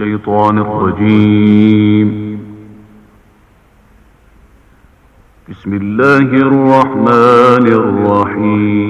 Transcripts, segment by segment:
الشيطان الرجيم بسم الله الرحمن الرحيم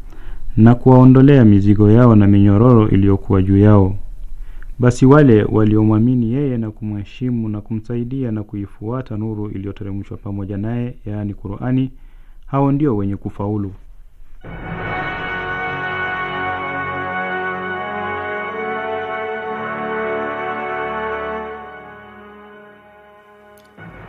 na kuwaondolea mizigo yao na minyororo iliyokuwa juu yao. Basi wale waliomwamini yeye na kumheshimu na kumsaidia na kuifuata nuru iliyoteremshwa pamoja naye, yaani Qur'ani, hao ndio wenye kufaulu.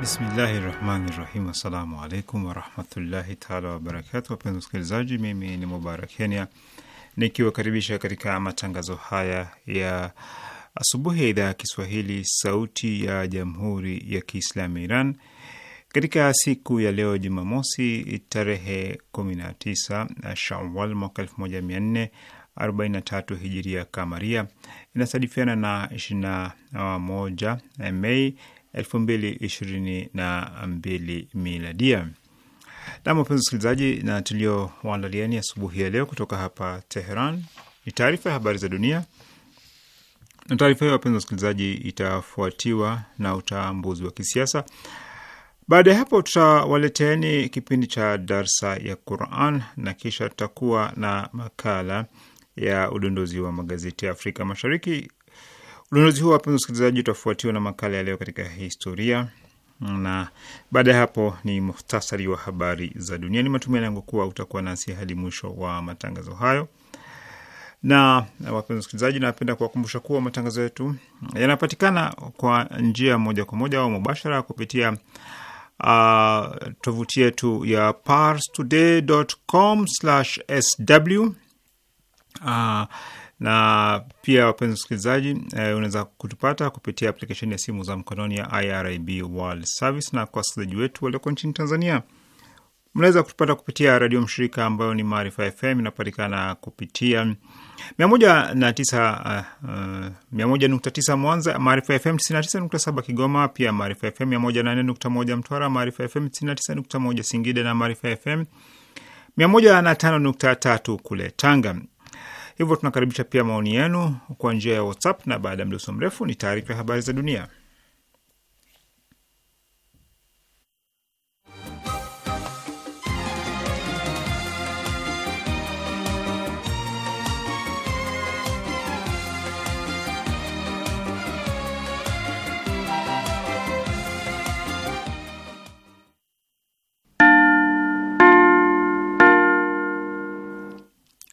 Bismillahi rahmani rahim. Assalamu alaikum warahmatullahi taala wabarakatu. Wapenzi wasikilizaji, mimi ni Mubarak Kenya nikiwakaribisha katika matangazo haya ya asubuhi ya idhaa ya Kiswahili sauti ya jamhuri ya Kiislamu ya Iran katika siku ya leo Jumamosi tarehe 19 Shawal mwaka 1443 hijiria kamaria inasadifiana na 21 Mei elfu mbili ishirini na mbili miladia. Nam, wapenzi msikilizaji, na tuliowaandaliani asubuhi ya leo kutoka hapa Teheran ni taarifa ya habari za dunia, na taarifa hiyo wapenzi wasikilizaji, itafuatiwa na utambuzi wa kisiasa. Baada ya hapo, tutawaleteni kipindi cha darsa ya Quran na kisha tutakuwa na makala ya udondozi wa magazeti ya Afrika Mashariki Ununuzi huu, wapenzi wasikilizaji, utafuatiwa na makala ya leo katika historia, na baada ya hapo ni muhtasari wa habari za dunia. Ni matumaini yangu kuwa utakuwa nasi hadi mwisho wa matangazo hayo. Na wapenzi wasikilizaji, napenda kuwakumbusha kuwa matangazo yetu yanapatikana kwa njia moja kwa moja au mubashara kupitia Uh, tovuti yetu ya parstoday.com/sw uh, na pia wapenzi wasikilizaji, eh, unaweza kutupata kupitia aplikesheni ya simu za mkononi ya IRIB World Service, na kwa wasikilizaji wetu walioko nchini Tanzania mnaweza kutupata kupitia redio mshirika ambayo ni Maarifa FM, inapatikana kupitia mia moja na tisa eh, eh, mia moja nukta tisa Mwanza, Maarifa FM tisini na tisa nukta saba Kigoma, pia Maarifa FM mia moja na nne nukta moja Mtwara, Maarifa FM tisini na tisa nukta moja Singida na Maarifa FM mia moja na tano nukta tatu kule Tanga. Hivyo tunakaribisha pia maoni yenu kwa njia ya WhatsApp, na baada ya mdoso mrefu ni taarifa ya habari za dunia.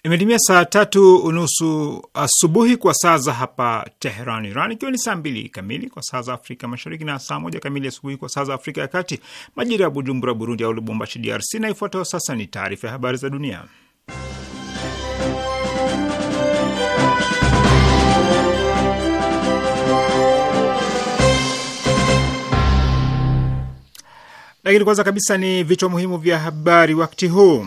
Imetimia saa tatu unusu asubuhi kwa saa za hapa Teheran, Iran, ikiwa ni saa mbili kamili kwa saa za Afrika Mashariki na saa moja kamili asubuhi kwa saa za Afrika ya Kati, majira ya Bujumbura, Burundi, au Lubumbashi, DRC. Na ifuatayo sasa ni taarifa ya habari za dunia, lakini kwanza kabisa ni vichwa muhimu vya habari wakati huu.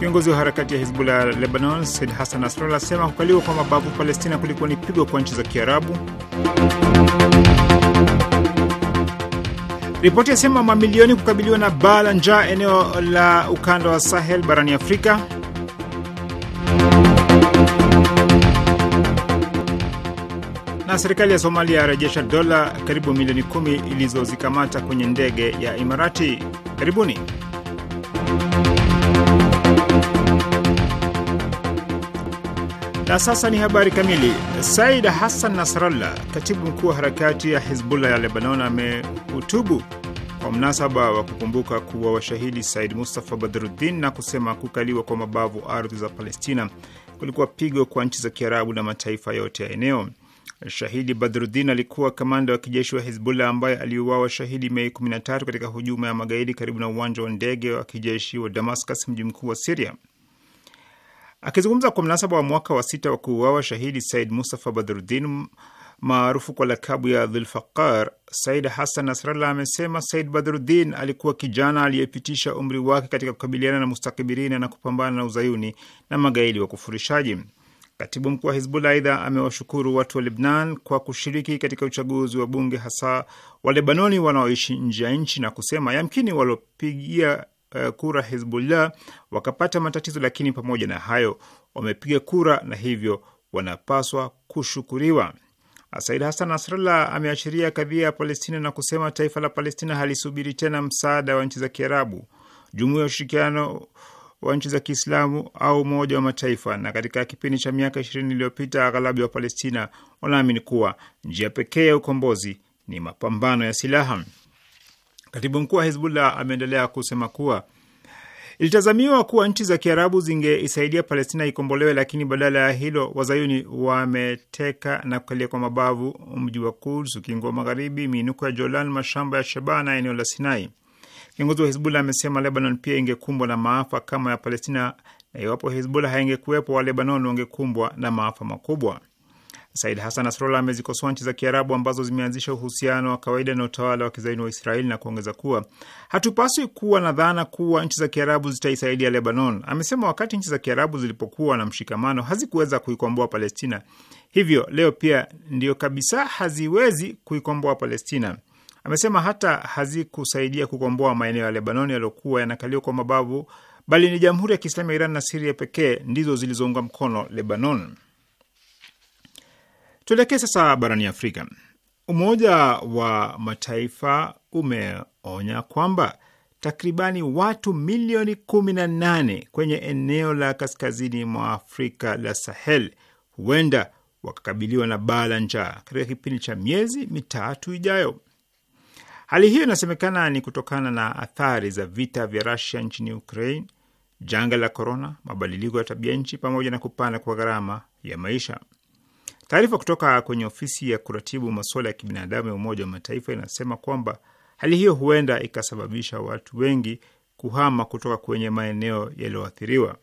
Kiongozi wa harakati ya Hizbullah ya Lebanon Said Hassan Nasrallah asema kukaliwa kwa mabavu Palestina kulikuwa ni pigo kwa nchi za Kiarabu. Ripoti yasema mamilioni kukabiliwa na baa la njaa eneo la ukanda wa Sahel barani Afrika. Na serikali ya Somalia yarejesha dola karibu milioni kumi ilizozikamata kwenye ndege ya Imarati. Karibuni. Na sasa ni habari kamili. Said Hassan Nasrallah, katibu mkuu wa harakati ya Hizbullah ya Lebanon, amehutubu kwa mnasaba wa kukumbuka kuwa washahidi Said Mustafa Badruddin na kusema kukaliwa kwa mabavu ardhi za Palestina kulikuwa pigo kwa nchi za Kiarabu na mataifa yote ya eneo. Shahidi Badruddin alikuwa kamanda wa kijeshi wa Hizbullah ambaye aliuawa shahidi Mei 13 katika hujuma ya magaidi karibu na uwanja wa ndege wa kijeshi wa Damascus, mji mkuu wa Siria. Akizungumza kwa mnasaba wa mwaka wa sita wa kuuawa shahidi Said Mustafa Badruddin maarufu kwa lakabu ya Dhulfaqar, Said Hassan Nasrallah amesema Said Badruddin alikuwa kijana aliyepitisha umri wake katika kukabiliana na mustakbirina na kupambana na uzayuni na magaidi wa kufurishaji. Katibu mkuu wa Hizbullah aidha amewashukuru watu wa Lebnan kwa kushiriki katika uchaguzi wa bunge, hasa wa lebanoni wanaoishi nje ya nchi na kusema yamkini waliopigia Eh, kura Hizbullah wakapata matatizo, lakini pamoja na hayo wamepiga kura na hivyo wanapaswa kushukuriwa. Said Hassan Nasrallah ameashiria kadhia ya Palestina na kusema taifa la Palestina halisubiri tena msaada wa nchi za Kiarabu, Jumuiya ya Ushirikiano wa Nchi za Kiislamu au Umoja wa Mataifa. Na katika kipindi cha miaka ishirini iliyopita aghalabu ya Palestina wanaamini kuwa njia pekee ya ukombozi ni mapambano ya silaha. Katibu mkuu wa Hezbollah ameendelea kusema kuwa ilitazamiwa kuwa nchi za Kiarabu zingeisaidia Palestina ikombolewe, lakini badala ya hilo wazayuni wameteka na kukalia kwa mabavu mji wa Kuds, ukingo wa magharibi, miinuko ya Jolan, mashamba ya Shebaa na eneo la Sinai. Kiongozi wa hezbullah amesema Lebanon pia ingekumbwa na maafa kama ya Palestina, na iwapo Hezbollah haingekuwepo, wa Lebanon wangekumbwa na maafa makubwa. Said Hassan Nasrallah amezikosoa nchi za Kiarabu ambazo zimeanzisha uhusiano wa kawaida na utawala wa kizaini wa Israeli na kuongeza kuwa hatupaswi kuwa na dhana kuwa nchi za Kiarabu zitaisaidia Lebanon. Amesema wakati nchi za Kiarabu zilipokuwa na mshikamano hazikuweza kuikomboa Palestina, hivyo leo pia ndio kabisa haziwezi kuikomboa Palestina. Amesema hata hazikusaidia kukomboa maeneo ya Lebanon yaliyokuwa yanakaliwa kwa mabavu, bali ni Jamhuri ya Kiislamu ya Iran na Siria pekee ndizo zilizounga mkono Lebanon. Tuelekee sasa barani Afrika. Umoja wa Mataifa umeonya kwamba takribani watu milioni kumi na nane kwenye eneo la kaskazini mwa Afrika la Sahel huenda wakakabiliwa na baa la njaa katika kipindi cha miezi mitatu ijayo. Hali hiyo inasemekana ni kutokana na athari za vita vya Rusia nchini Ukraine, janga la korona, mabadiliko ya tabia nchi, pamoja na kupanda kwa gharama ya maisha. Taarifa kutoka kwenye ofisi ya kuratibu masuala ya kibinadamu ya Umoja wa Mataifa inasema kwamba hali hiyo huenda ikasababisha watu wengi kuhama kutoka kwenye maeneo yaliyoathiriwa.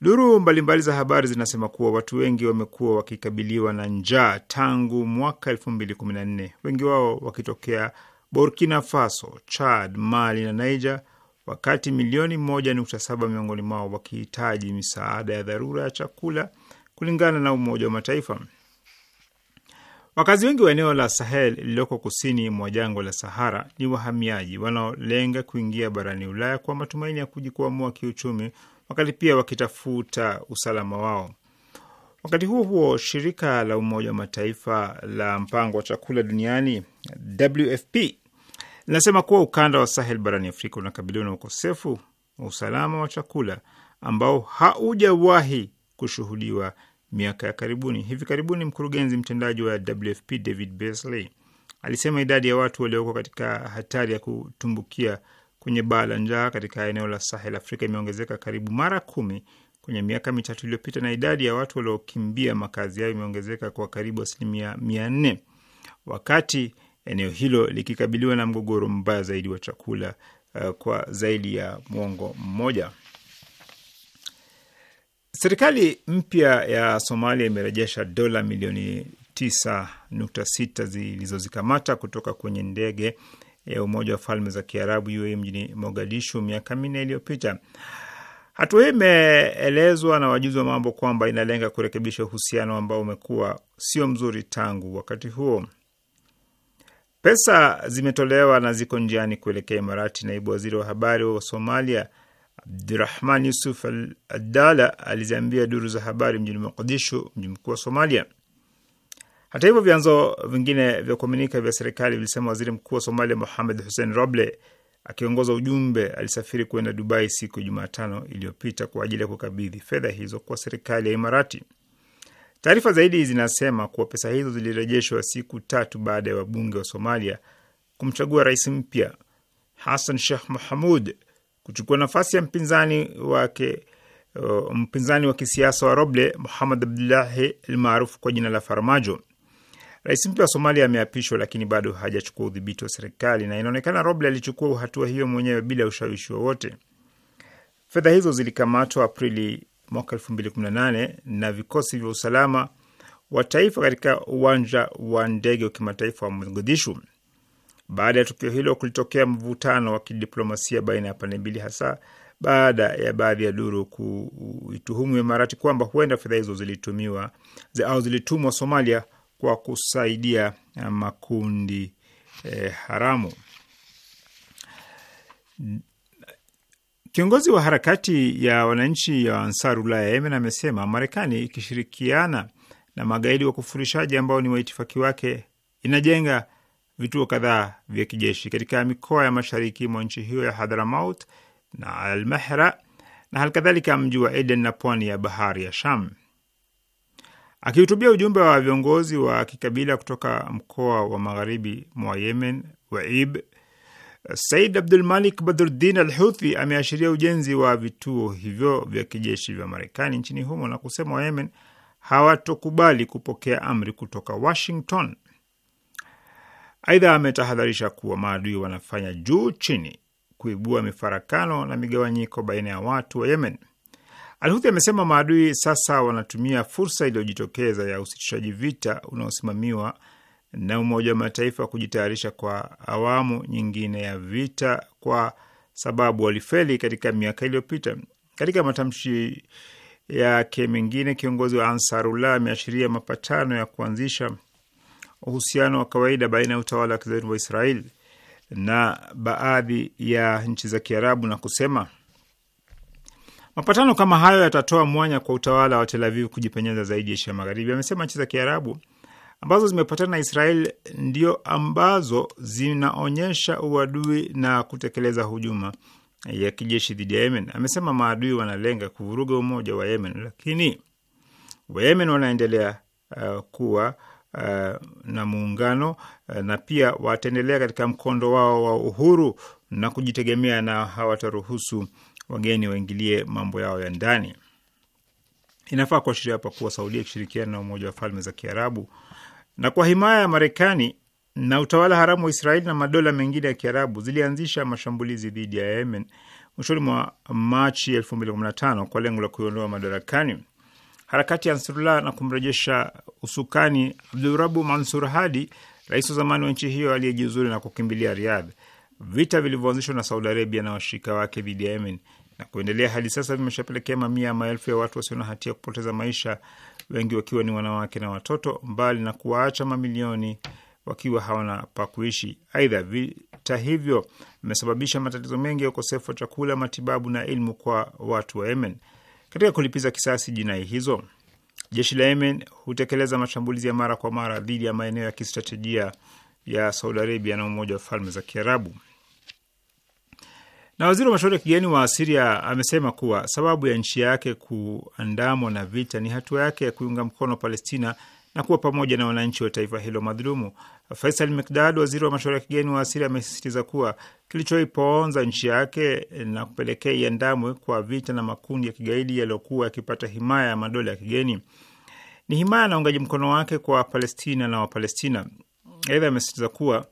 Duru mbalimbali za habari zinasema kuwa watu wengi wamekuwa wakikabiliwa na njaa tangu mwaka elfu mbili kumi na nne, wengi wao wakitokea Burkina Faso, Chad, Mali na Niger, wakati milioni moja nukta saba miongoni mwao wakihitaji misaada ya dharura ya chakula kulingana na Umoja wa Mataifa. Wakazi wengi wa eneo la Sahel lililoko kusini mwa jangwa la Sahara ni wahamiaji wanaolenga kuingia barani Ulaya kwa matumaini ya kujikwamua kiuchumi, wakati pia wakitafuta usalama wao. Wakati huo huo, shirika la Umoja wa Mataifa la mpango wa chakula duniani WFP linasema kuwa ukanda wa Sahel barani Afrika unakabiliwa na ukosefu wa usalama wa chakula ambao haujawahi kushuhudiwa miaka ya karibuni. Hivi karibuni mkurugenzi mtendaji wa WFP David Beasley alisema idadi ya watu walioko katika hatari ya kutumbukia kwenye baa la njaa katika eneo la Sahel Afrika imeongezeka karibu mara kumi kwenye miaka mitatu iliyopita, na idadi ya watu waliokimbia makazi yao imeongezeka kwa karibu asilimia mia nne wakati eneo hilo likikabiliwa na mgogoro mbaya zaidi wa chakula uh, kwa zaidi ya mwongo mmoja. Serikali mpya ya Somalia imerejesha dola milioni 9.6 zilizozikamata kutoka kwenye ndege ya Umoja wa Falme za Kiarabu UAE mjini Mogadishu miaka minne iliyopita. Hatua hii imeelezwa na wajuzi wa mambo kwamba inalenga kurekebisha uhusiano ambao umekuwa sio mzuri tangu wakati huo. Pesa zimetolewa na ziko njiani kuelekea Imarati. Naibu waziri wa habari wa Somalia Abdurahman Yusuf Al Adala aliziambia duru za habari mjini Mogadishu, mji mkuu wa Somalia. Hata hivyo, vyanzo vingine vya kuaminika vya serikali vilisema waziri mkuu wa Somalia Mohamed Hussein Roble akiongoza ujumbe alisafiri kuenda Dubai siku ya Jumatano iliyopita kwa ajili ya kukabidhi fedha hizo kwa serikali ya Imarati. Taarifa zaidi zinasema kuwa pesa hizo zilirejeshwa siku tatu baada ya wabunge wa Somalia kumchagua rais mpya Hassan Sheikh Mohamud kuchukua nafasi ya mpinzani wake uh, mpinzani wa kisiasa wa Roble Muhamad Abdullahi almaarufu kwa jina la Farmajo. Rais mpya wa Somalia ameapishwa, lakini bado hajachukua udhibiti wa serikali na inaonekana Roble alichukua hatua hiyo mwenyewe bila ushawishi wowote. Fedha hizo zilikamatwa Aprili mwaka 2018 na vikosi vya usalama wa taifa katika uwanja wa ndege wa kimataifa wa Mogadishu. Baada ya tukio hilo, kulitokea mvutano wa kidiplomasia baina ya pande mbili, hasa baada ya baadhi ya duru kuituhumu Imarati kwamba huenda fedha hizo zilitumiwa au zilitumwa Somalia kwa kusaidia makundi eh, haramu. Kiongozi wa harakati ya wananchi ya Ansarullah ya Yemen amesema Marekani ikishirikiana na magaidi wa kufurishaji ambao ni waitifaki wake inajenga vituo kadhaa vya kijeshi katika mikoa ya mashariki mwa nchi hiyo ya Hadhramaut na Almahra na halikadhalika mji wa Eden na pwani ya bahari ya Sham. Akihutubia ujumbe wa viongozi wa kikabila kutoka mkoa wa magharibi mwa Yemen, Waib, Said Abdul Malik Badruddin Al Huthi ameashiria ujenzi wa vituo hivyo vya kijeshi vya Marekani nchini humo na kusema Wayemen hawatokubali kupokea amri kutoka Washington. Aidha, ametahadharisha kuwa maadui wanafanya juu chini kuibua mifarakano na migawanyiko baina ya watu wa Yemen. Alhuthi amesema maadui sasa wanatumia fursa iliyojitokeza ya usitishaji vita unaosimamiwa na Umoja wa Mataifa kujitayarisha kwa awamu nyingine ya vita, kwa sababu walifeli katika miaka iliyopita. Katika matamshi yake mengine, kiongozi wa Ansarullah ameashiria mapatano ya kuanzisha uhusiano wa kawaida baina ya utawala wa kizayuni wa Israel na baadhi ya nchi za Kiarabu na kusema mapatano kama hayo yatatoa mwanya kwa utawala wa Tel Aviv kujipenyeza zaidi Asia Magharibi. Amesema nchi za Kiarabu ambazo zimepatana na Israel ndio ambazo zinaonyesha uadui na kutekeleza hujuma ya kijeshi dhidi ya Yemen. Amesema maadui wanalenga kuvuruga umoja wa Yemen, lakini Wayemen wanaendelea uh, kuwa Eh, na muungano eh, na pia wataendelea katika mkondo wao wa uhuru na kujitegemea na hawataruhusu wageni waingilie mambo yao ya ndani. Inafaa kuashiria hapa kuwa Saudia ikishirikiana na Umoja wa Falme za Kiarabu na kwa himaya ya Marekani na utawala haramu wa Israeli na madola mengine ya Kiarabu zilianzisha mashambulizi dhidi ya Yemen mwishoni mwa Machi 2015 kwa lengo la kuiondoa madarakani harakati ya Ansarullah na kumrejesha usukani Abdurabu Mansur Hadi, rais wa zamani wa nchi hiyo aliyejiuzuri na kukimbilia Riyadh. Vita vilivyoanzishwa na Saudi Arabia na washirika wake dhidi ya Yemen na kuendelea hadi sasa vimeshapelekea mamia ya maelfu ya watu wasio na hatia kupoteza maisha, wengi wakiwa ni wanawake na watoto, mbali na kuwaacha mamilioni wakiwa hawana pa kuishi. Aidha, vita hivyo vimesababisha matatizo mengi ya ukosefu wa chakula, matibabu na elimu kwa watu wa Yemen. Katika kulipiza kisasi jinai hizo, jeshi la Yemen hutekeleza mashambulizi ya mara kwa mara dhidi ya maeneo ya kistratejia ya Saudi Arabia na Umoja wa Falme za Kiarabu. Na waziri wa mashauri ya kigeni wa Siria amesema kuwa sababu ya nchi yake kuandamwa na vita ni hatua yake ya kuiunga mkono Palestina na kuwa pamoja na wananchi wa taifa hilo madhulumu. Faisal Mikdad, waziri wa mashauri ya kigeni wa asiri amesisitiza kuwa kilichoipoonza nchi yake na kupelekea iandamwe kwa vita na makundi ya kigaidi yaliyokuwa yakipata himaya ya madola ya kigeni ni himaya na uungaji mkono wake kwa Palestina na Wapalestina. Aidha, amesisitiza kuwa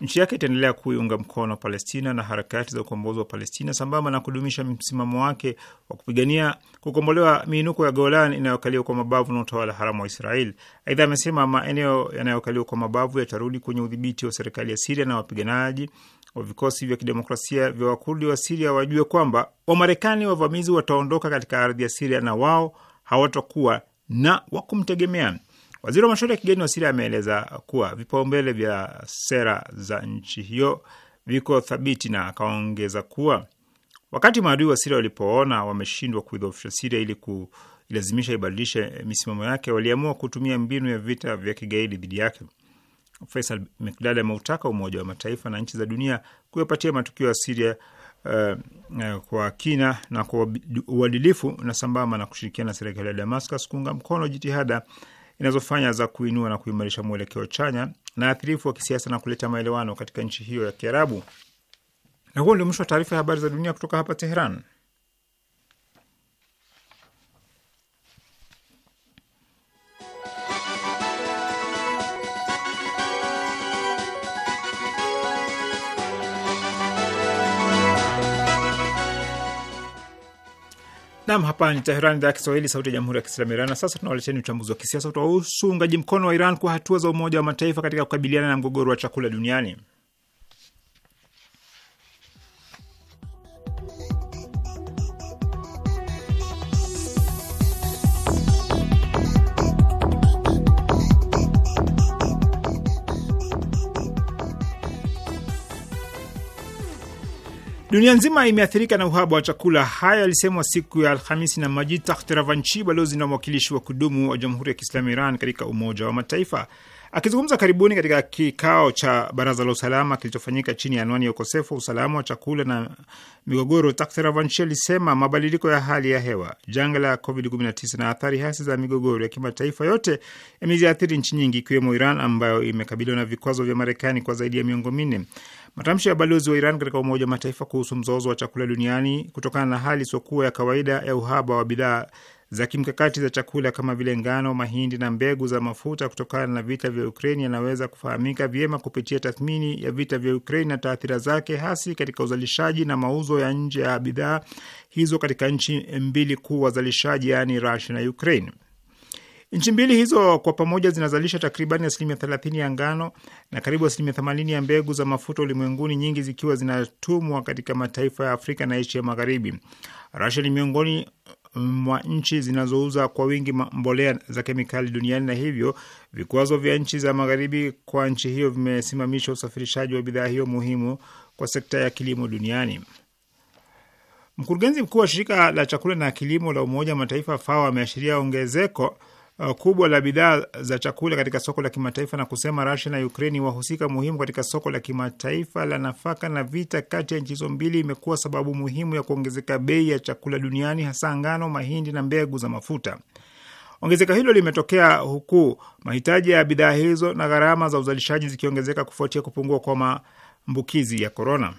Nchi yake itaendelea kuiunga mkono Palestina na harakati za ukombozi wa Palestina sambamba na kudumisha msimamo wake wa kupigania kukombolewa miinuko ya Golan inayokaliwa kwa mabavu na utawala haramu wa Israel. Aidha, amesema maeneo yanayokaliwa kwa mabavu yatarudi kwenye udhibiti wa serikali ya Siria na wapiganaji wa vikosi vya kidemokrasia vya Wakurdi wa Siria wajue kwamba Wamarekani wavamizi wataondoka katika ardhi ya Siria na wao hawatakuwa na wa kumtegemea. Waziri wa mashauri ya kigeni wa Siria ameeleza kuwa vipaumbele vya sera za nchi hiyo viko thabiti, na akaongeza kuwa wakati maadui wa Siria walipoona wameshindwa kuidhoofisha Siria ili kuilazimisha ibadilishe misimamo yake, waliamua kutumia mbinu ya vita vya kigaidi dhidi yake. Faisal Mekdad ameutaka Umoja wa Mataifa na nchi za dunia kuyapatia matukio ya Siria Uh, eh, uh, eh, kwa kina na kwa uadilifu na sambamba na kushirikiana na serikali ya Damascus kuunga mkono jitihada inazofanya za kuinua na kuimarisha mwelekeo chanya na athirifu wa kisiasa na kuleta maelewano katika nchi hiyo ya Kiarabu. Na huo ndio mwisho wa taarifa ya habari za dunia kutoka hapa Teheran. Nam, hapa ni Teheran, idhaa ya Kiswahili, sauti ya jamhuri ya kiislamu Iran. Na sasa tunawaleteni uchambuzi wa kisiasa utahusu uungaji mkono wa Iran kwa hatua za Umoja wa Mataifa katika kukabiliana na mgogoro wa chakula duniani. Dunia nzima imeathirika na uhaba wa chakula. Haya alisemwa siku ya Alhamisi na Majid Takht Ravanchi, balozi na mwakilishi wa kudumu wa Jamhuri ya Kiislamu Iran katika Umoja wa Mataifa, akizungumza karibuni katika kikao cha Baraza la Usalama kilichofanyika chini ya anwani ya ukosefu wa usalama wa chakula na migogoro. Takht Ravanchi alisema mabadiliko ya hali ya hewa, janga la COVID-19 na athari hasi za migogoro ya kimataifa yote yameziathiri nchi nyingi, ikiwemo Iran ambayo imekabiliwa na vikwazo vya Marekani kwa zaidi ya miongo minne. Matamshi ya balozi wa Iran katika Umoja wa Mataifa kuhusu mzozo wa chakula duniani kutokana na hali isiyokuwa ya kawaida ya uhaba wa bidhaa za kimkakati za chakula kama vile ngano, mahindi na mbegu za mafuta kutokana na vita vya Ukraini yanaweza kufahamika vyema kupitia tathmini ya vita vya Ukraini na taathira zake hasi katika uzalishaji na mauzo ya nje ya bidhaa hizo katika nchi mbili kuu wazalishaji, yaani Rusia na Ukraini. Nchi mbili hizo kwa pamoja zinazalisha takribani asilimia thelathini ya ngano na karibu asilimia themanini ya mbegu za mafuta ulimwenguni, nyingi zikiwa zinatumwa katika mataifa ya Afrika na Asia Magharibi. Rasia ni miongoni mm, mwa nchi zinazouza kwa wingi mbolea za kemikali duniani na hivyo vikwazo vya nchi za magharibi kwa nchi hiyo vimesimamisha usafirishaji wa bidhaa hiyo muhimu kwa sekta ya kilimo duniani. Mkurugenzi mkuu wa shirika la chakula na kilimo la Umoja wa Mataifa FAO ameashiria ongezeko Uh, kubwa la bidhaa za chakula katika soko la kimataifa na kusema Russia na Ukraine wahusika muhimu katika soko la kimataifa la nafaka, na vita kati ya nchi hizo mbili imekuwa sababu muhimu ya kuongezeka bei ya chakula duniani, hasa ngano, mahindi na mbegu za mafuta. Ongezeko hilo limetokea huku mahitaji ya bidhaa hizo na gharama za uzalishaji zikiongezeka kufuatia kupungua kwa maambukizi ya korona.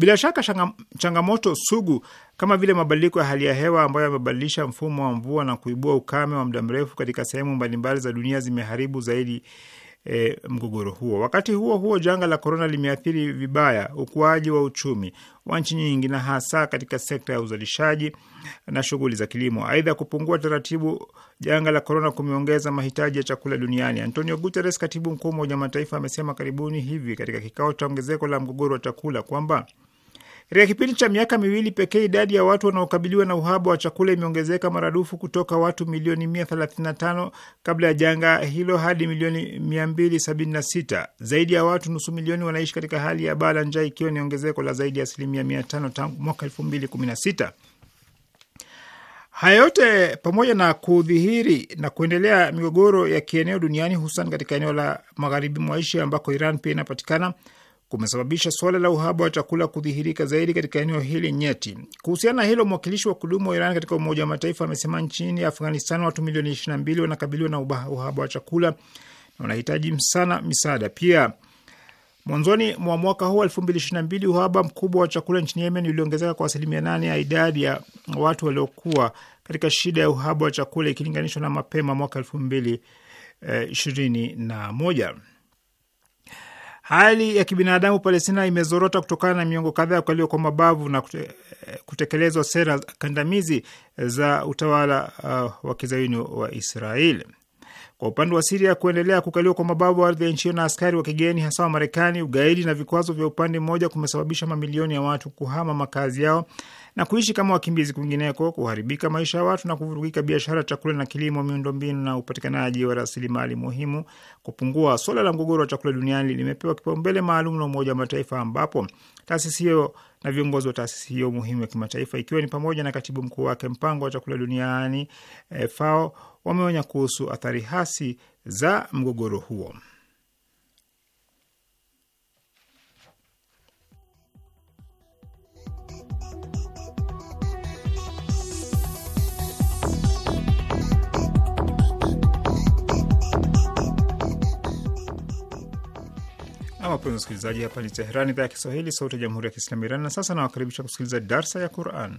Bila shaka shangam, changamoto sugu kama vile mabadiliko ya hali ya hewa ambayo yamebadilisha mfumo wa mvua na kuibua ukame wa muda mrefu katika sehemu mbalimbali za dunia zimeharibu zaidi e, mgogoro huo. Wakati huo huo, janga la korona limeathiri vibaya ukuaji wa uchumi wa nchi nyingi na hasa katika sekta ya uzalishaji na shughuli za kilimo. Aidha, kupungua taratibu janga la korona kumeongeza mahitaji ya chakula duniani. Antonio Guterres, katibu mkuu wa Umoja wa Mataifa, amesema karibuni hivi katika kikao cha ongezeko la mgogoro wa chakula kwamba katika kipindi cha miaka miwili pekee, idadi ya watu wanaokabiliwa na uhaba wa chakula imeongezeka maradufu kutoka watu milioni 135 kabla ya janga hilo hadi milioni 276. Zaidi ya watu nusu milioni wanaishi katika hali ya baa la njaa, ikiwa ni ongezeko la zaidi ya asilimia 500 tangu mwaka 2016. Haya yote pamoja na kudhihiri na kuendelea migogoro ya kieneo duniani, hususan katika eneo la magharibi mwa Asia ambako Iran pia inapatikana kumesababisha suala la uhaba wa chakula kudhihirika zaidi katika eneo hili nyeti. Kuhusiana na hilo, mwakilishi wa kudumu wa Iran katika Umoja wa Mataifa amesema nchini Afghanistan watu milioni 22 wanakabiliwa na uhaba wa chakula na wanahitaji sana misaada. Pia mwanzoni mwa mwaka huu 2022 uhaba mkubwa wa chakula nchini Yemen uliongezeka kwa asilimia nane ya idadi ya watu waliokuwa katika shida ya uhaba wa chakula ikilinganishwa na mapema mwaka 2021. Hali ya kibinadamu Palestina imezorota kutokana na miongo kadhaa ya kukaliwa kwa mabavu na kutekelezwa sera kandamizi za utawala uh, wa kizayuni wa Israeli. Kwa upande wa Siria, kuendelea kukaliwa kwa mabavu ardhi ya nchi hiyo na askari wa kigeni, hasa wa Marekani, ugaidi na vikwazo vya upande mmoja kumesababisha mamilioni ya watu kuhama makazi yao na kuishi kama wakimbizi kwingineko, kuharibika maisha ya watu na kuvurugika biashara, chakula na kilimo, miundombinu na upatikanaji wa rasilimali muhimu kupungua. Suala la mgogoro wa chakula duniani limepewa kipaumbele maalum na Umoja wa Mataifa, ambapo taasisi hiyo na viongozi wa taasisi hiyo muhimu ya kimataifa ikiwa ni pamoja na katibu mkuu wake mpango wa chakula duniani eh, FAO wameonya kuhusu athari hasi za mgogoro huo. na wapenzi wasikilizaji, hapa ni Teherani, idhaa ya Kiswahili, sauti ya jamhuri ya kiislamu Irani. Na sasa nawakaribisha kusikiliza darsa ya Quran.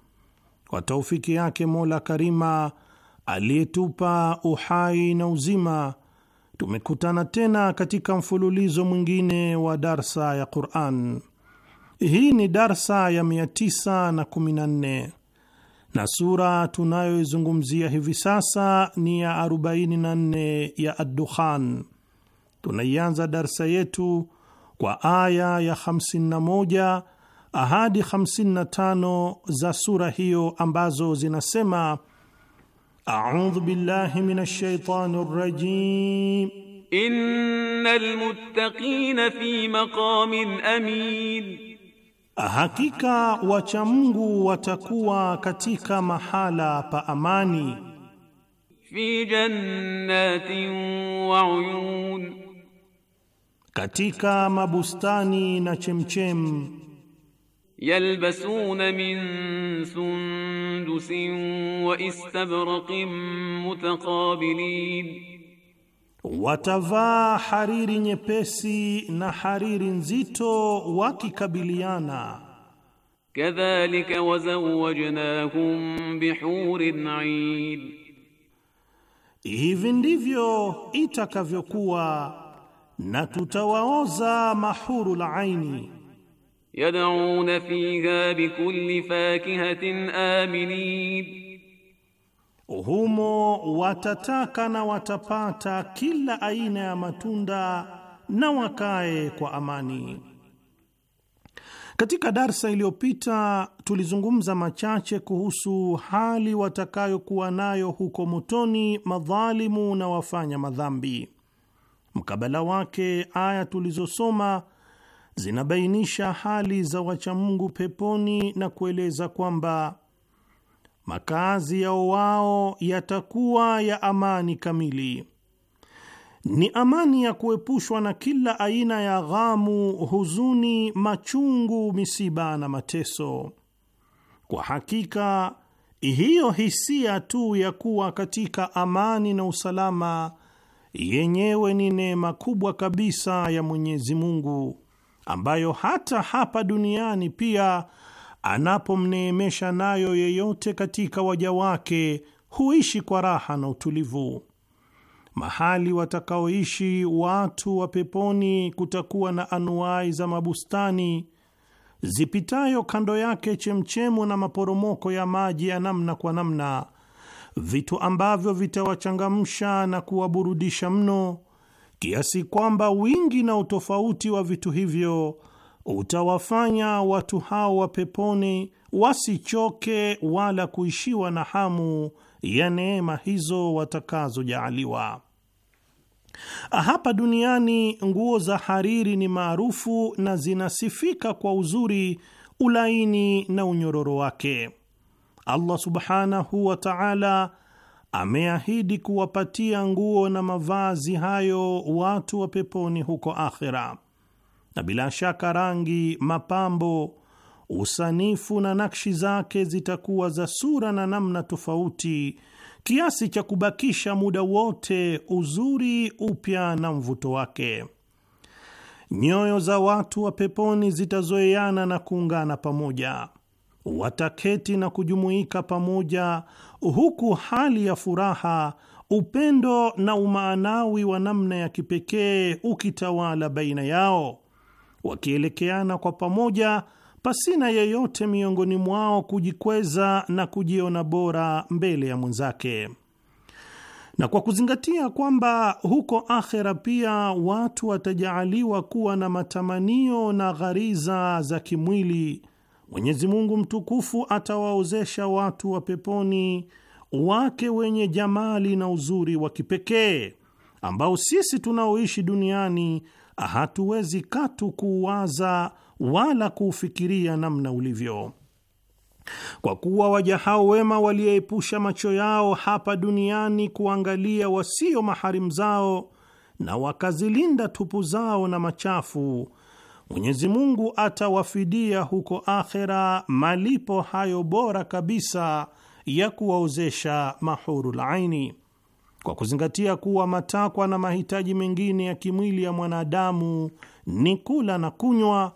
kwa taufiki yake Mola Karima aliyetupa uhai na uzima, tumekutana tena katika mfululizo mwingine wa darsa ya Quran. Hii ni darsa ya 914 na sura tunayoizungumzia hivi sasa ni ya 44 ya Addukhan. Tunaianza darsa yetu kwa aya ya 51 ahadi 55 za sura hiyo ambazo zinasema: audhu billahi minash shaitani rrajim innal muttaqina fi maqamin amin, hakika wacha Mungu watakuwa katika mahala pa amani. Fi jannatin wa uyun, katika mabustani na chemchem yalbasuna min sundusin wa istabraqin mutaqabilin, watavaa hariri nyepesi na hariri nzito wakikabiliana. Kadhalika wazawajnahum bihurin ain, hivi ndivyo itakavyokuwa na tutawaoza mahurul aini yad'una fiha bikulli fakihatin aminin, humo watataka na watapata kila aina ya matunda na wakae kwa amani. Katika darsa iliyopita tulizungumza machache kuhusu hali watakayokuwa nayo huko motoni madhalimu na wafanya madhambi. Mkabala wake, aya tulizosoma zinabainisha hali za wachamungu peponi na kueleza kwamba makazi yao wao yatakuwa ya amani kamili. Ni amani ya kuepushwa na kila aina ya ghamu, huzuni, machungu, misiba na mateso. Kwa hakika hiyo hisia tu ya kuwa katika amani na usalama yenyewe ni neema kubwa kabisa ya Mwenyezi Mungu ambayo hata hapa duniani pia anapomneemesha nayo yeyote katika waja wake huishi kwa raha na utulivu. Mahali watakaoishi watu wa peponi kutakuwa na anuwai za mabustani zipitayo kando yake chemchemu na maporomoko ya maji ya namna kwa namna, vitu ambavyo vitawachangamsha na kuwaburudisha mno kiasi kwamba wingi na utofauti wa vitu hivyo utawafanya watu hao wa peponi wasichoke wala kuishiwa na hamu ya neema hizo watakazojaaliwa. Hapa duniani nguo za hariri ni maarufu na zinasifika kwa uzuri, ulaini na unyororo wake. Allah subhanahu wa ta'ala ameahidi kuwapatia nguo na mavazi hayo watu wa peponi huko akhira na bila shaka rangi, mapambo, usanifu na nakshi zake zitakuwa za sura na namna tofauti kiasi cha kubakisha muda wote uzuri, upya na mvuto wake. Nyoyo za watu wa peponi zitazoeana na kuungana pamoja wataketi na kujumuika pamoja, huku hali ya furaha, upendo na umaanawi wa namna ya kipekee ukitawala baina yao, wakielekeana kwa pamoja, pasina yeyote miongoni mwao kujikweza na kujiona bora mbele ya mwenzake na kwa kuzingatia kwamba huko akhera pia watu watajaaliwa kuwa na matamanio na ghariza za kimwili, Mwenyezi Mungu mtukufu atawaozesha watu wa peponi wake wenye jamali na uzuri wa kipekee ambao sisi tunaoishi duniani hatuwezi katu kuuwaza wala kuufikiria namna ulivyo. Kwa kuwa waja hao wema waliyeepusha macho yao hapa duniani kuangalia wasio maharimu zao na wakazilinda tupu zao na machafu Mwenyezi Mungu atawafidia huko akhera malipo hayo bora kabisa ya kuwaozesha mahurul aini. Kwa kuzingatia kuwa matakwa na mahitaji mengine ya kimwili ya mwanadamu ni kula na kunywa,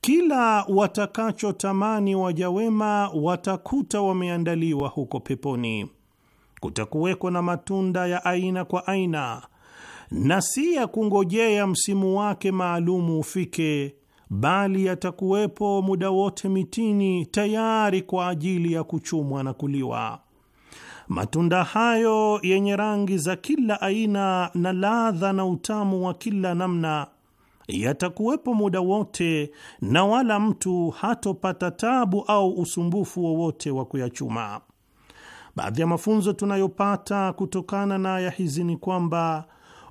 kila watakachotamani waja wema watakuta wameandaliwa huko peponi. Kutakuweko na matunda ya aina kwa aina na si ya kungojea msimu wake maalumu ufike, bali yatakuwepo muda wote mitini tayari kwa ajili ya kuchumwa na kuliwa. Matunda hayo yenye rangi za kila aina na ladha na utamu wa kila namna yatakuwepo muda wote, na wala mtu hatopata tabu au usumbufu wowote wa kuyachuma. Baadhi ya mafunzo tunayopata kutokana na aya hizi ni kwamba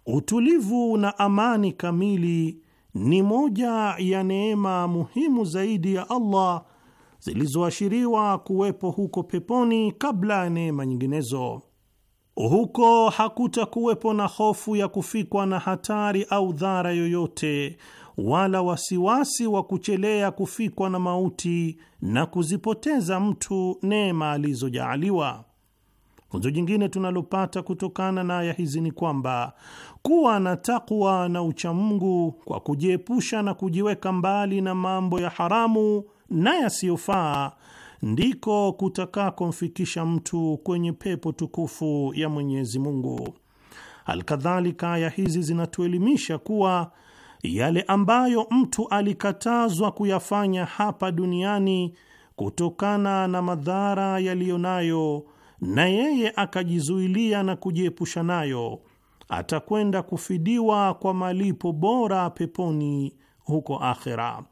Utulivu na amani kamili ni moja ya neema muhimu zaidi ya Allah zilizoashiriwa kuwepo huko peponi kabla ya neema nyinginezo. Huko hakutakuwepo na hofu ya kufikwa na hatari au dhara yoyote, wala wasiwasi wa kuchelea kufikwa na mauti na kuzipoteza mtu neema alizojaaliwa. Funzo jingine tunalopata kutokana na aya hizi ni kwamba kuwa na takwa na uchamungu kwa kujiepusha na kujiweka mbali na mambo ya haramu na yasiyofaa ndiko kutakakomfikisha mtu kwenye pepo tukufu ya Mwenyezi Mungu. Alkadhalika, aya hizi zinatuelimisha kuwa yale ambayo mtu alikatazwa kuyafanya hapa duniani kutokana na madhara yaliyo nayo na yeye akajizuilia na kujiepusha nayo, atakwenda kufidiwa kwa malipo bora peponi huko akhera.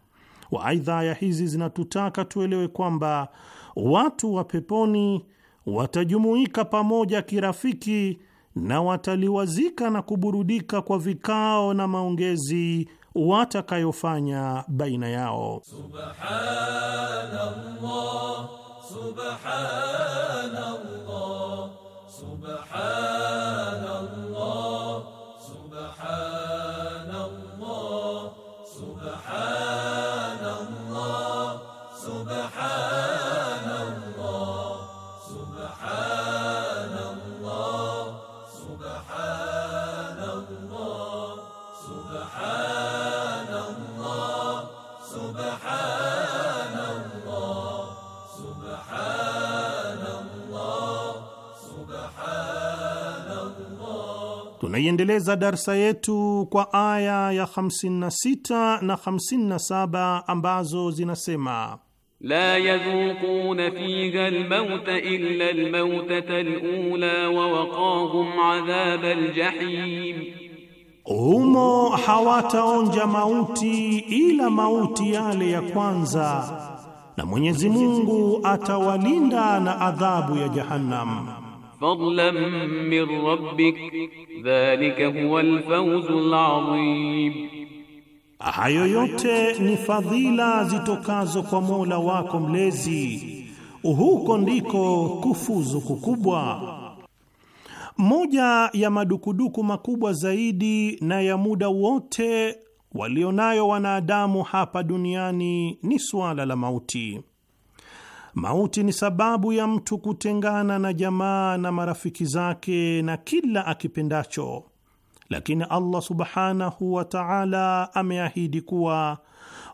Waaidha, aya hizi zinatutaka tuelewe kwamba watu wa peponi watajumuika pamoja kirafiki na wataliwazika na kuburudika kwa vikao na maongezi watakayofanya baina yao. Subhanallah. سبحان الله سبحان الله سبحان الله سبحان الله سبحان Tunaiendeleza darsa yetu kwa aya ya 56 na 57 ambazo zinasema la yadhuquna fiha almauta illa almautata alula wa waqahum adhab aljahim, humo hawataonja mauti ila mauti yale ya kwanza, na Mwenyezi Mungu atawalinda na adhabu ya Jahannam fadlan min rabbik dhalika huwal fawzul adhim, hayo yote ni fadhila zitokazo kwa Mola wako mlezi, huko ndiko kufuzu kukubwa. Moja ya madukuduku makubwa zaidi na ya muda wote walionayo wanadamu hapa duniani ni suala la mauti. Mauti ni sababu ya mtu kutengana na jamaa na marafiki zake na kila akipendacho, lakini Allah subhanahu wa ta'ala ameahidi kuwa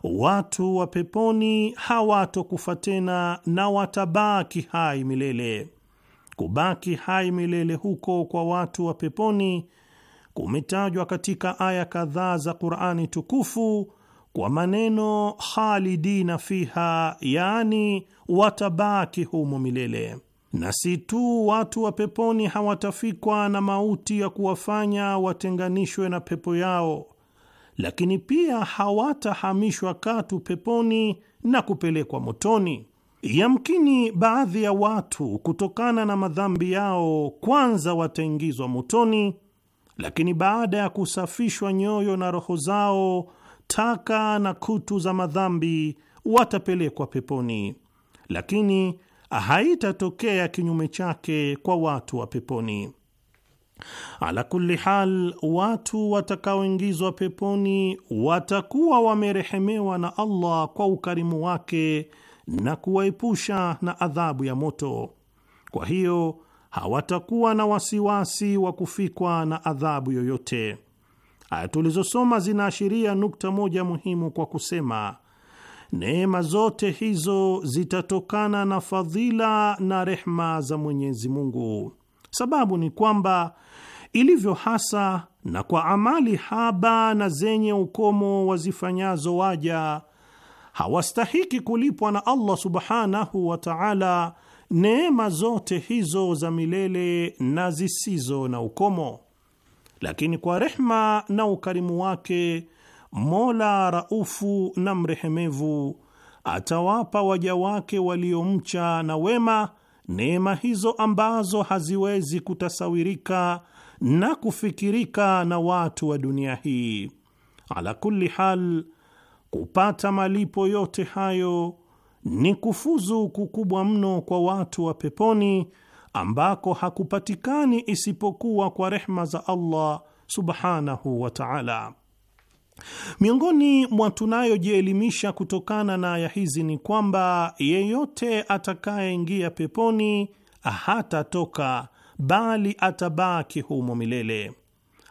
watu wa peponi hawatokufa tena na watabaki hai milele. Kubaki hai milele huko kwa watu wa peponi kumetajwa katika aya kadhaa za Qur'ani tukufu kwa maneno khalidina fiha, yaani watabaki humo milele, na si tu watu wa peponi hawatafikwa na mauti ya kuwafanya watenganishwe na pepo yao, lakini pia hawatahamishwa katu peponi na kupelekwa motoni. Yamkini baadhi ya watu kutokana na madhambi yao kwanza wataingizwa motoni, lakini baada ya kusafishwa nyoyo na roho zao taka na kutu za madhambi watapelekwa peponi, lakini haitatokea kinyume chake kwa watu wa peponi. Ala kulli hal, watu watakaoingizwa peponi watakuwa wamerehemewa na Allah kwa ukarimu wake na kuwaepusha na adhabu ya moto. Kwa hiyo hawatakuwa na wasiwasi wa kufikwa na adhabu yoyote. Aya tulizosoma zinaashiria nukta moja muhimu kwa kusema neema zote hizo zitatokana na fadhila na rehma za Mwenyezi Mungu. Sababu ni kwamba ilivyo hasa na kwa amali haba na zenye ukomo wazifanyazo waja hawastahiki kulipwa na Allah subhanahu wa taala neema zote hizo za milele na zisizo na ukomo lakini kwa rehma na ukarimu wake Mola raufu na mrehemevu atawapa waja wake waliomcha na wema neema hizo ambazo haziwezi kutasawirika na kufikirika na watu wa dunia hii. Ala kulli hal, kupata malipo yote hayo ni kufuzu kukubwa mno kwa watu wa peponi ambako hakupatikani isipokuwa kwa rehma za Allah subhanahu wa ta'ala. Miongoni mwa tunayojielimisha kutokana na aya hizi ni kwamba yeyote atakayeingia peponi hatatoka, bali atabaki humo milele.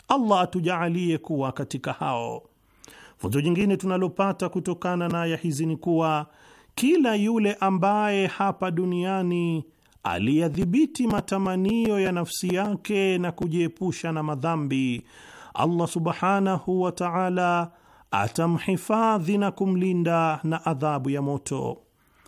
Allah atujaalie kuwa katika hao. Funzo jingine tunalopata kutokana na aya hizi ni kuwa kila yule ambaye hapa duniani aliyadhibiti matamanio ya nafsi yake na kujiepusha na madhambi, Allah subhanahu wa ta'ala atamhifadhi na kumlinda na adhabu ya moto.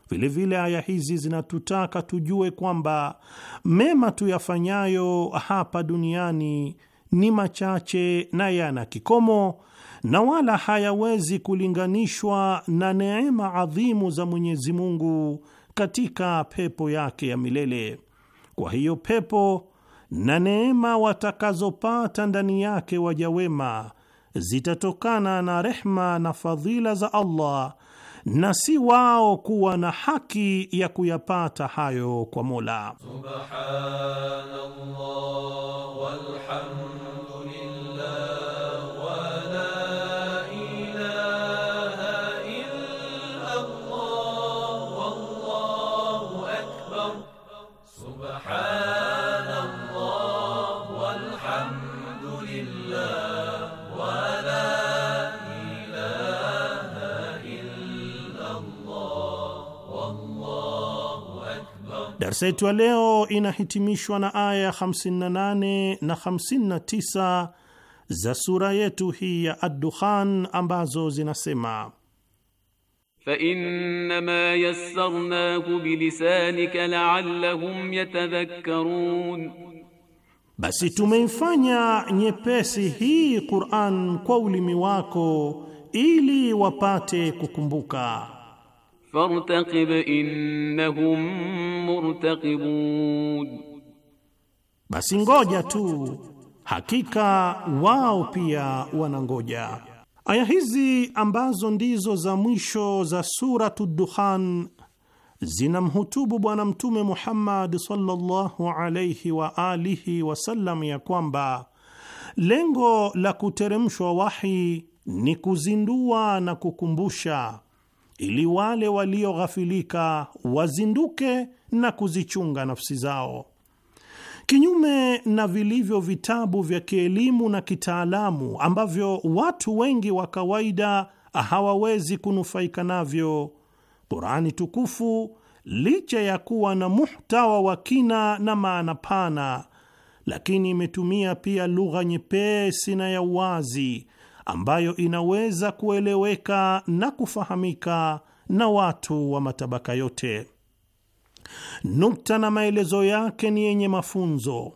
Vilevile aya hizi zinatutaka tujue kwamba mema tuyafanyayo hapa duniani ni machache na yana kikomo na wala hayawezi kulinganishwa na neema adhimu za Mwenyezi Mungu katika pepo yake ya milele. Kwa hiyo pepo na neema watakazopata ndani yake waja wema zitatokana na rehma na fadhila za Allah na si wao kuwa na haki ya kuyapata hayo kwa Mola. Subhanallah Darsa yetu ya leo inahitimishwa na aya 58 na 59 za sura yetu hii ya addukhan ambazo zinasema Fainma yassarnahu bilisanika laallahum yatadhakkarun, basi tumeifanya nyepesi hii Qur'an kwa ulimi wako ili wapate kukumbuka fartaqib innahum murtaqibun, basi ngoja tu, hakika wao pia wanangoja. Aya hizi ambazo ndizo za mwisho za Suratu Dukhan zinamhutubu Bwana Mtume Muhammad sallallahu alayhi wa alihi wasallam ya kwamba lengo la kuteremshwa wahi ni kuzindua na kukumbusha ili wale walioghafilika wazinduke na kuzichunga nafsi zao. Kinyume na vilivyo vitabu vya kielimu na kitaalamu ambavyo watu wengi wa kawaida hawawezi kunufaika navyo, Qurani tukufu licha ya kuwa na muhtawa wa kina na maana pana, lakini imetumia pia lugha nyepesi na ya uwazi ambayo inaweza kueleweka na kufahamika na watu wa matabaka yote. Nukta na maelezo yake ni yenye mafunzo,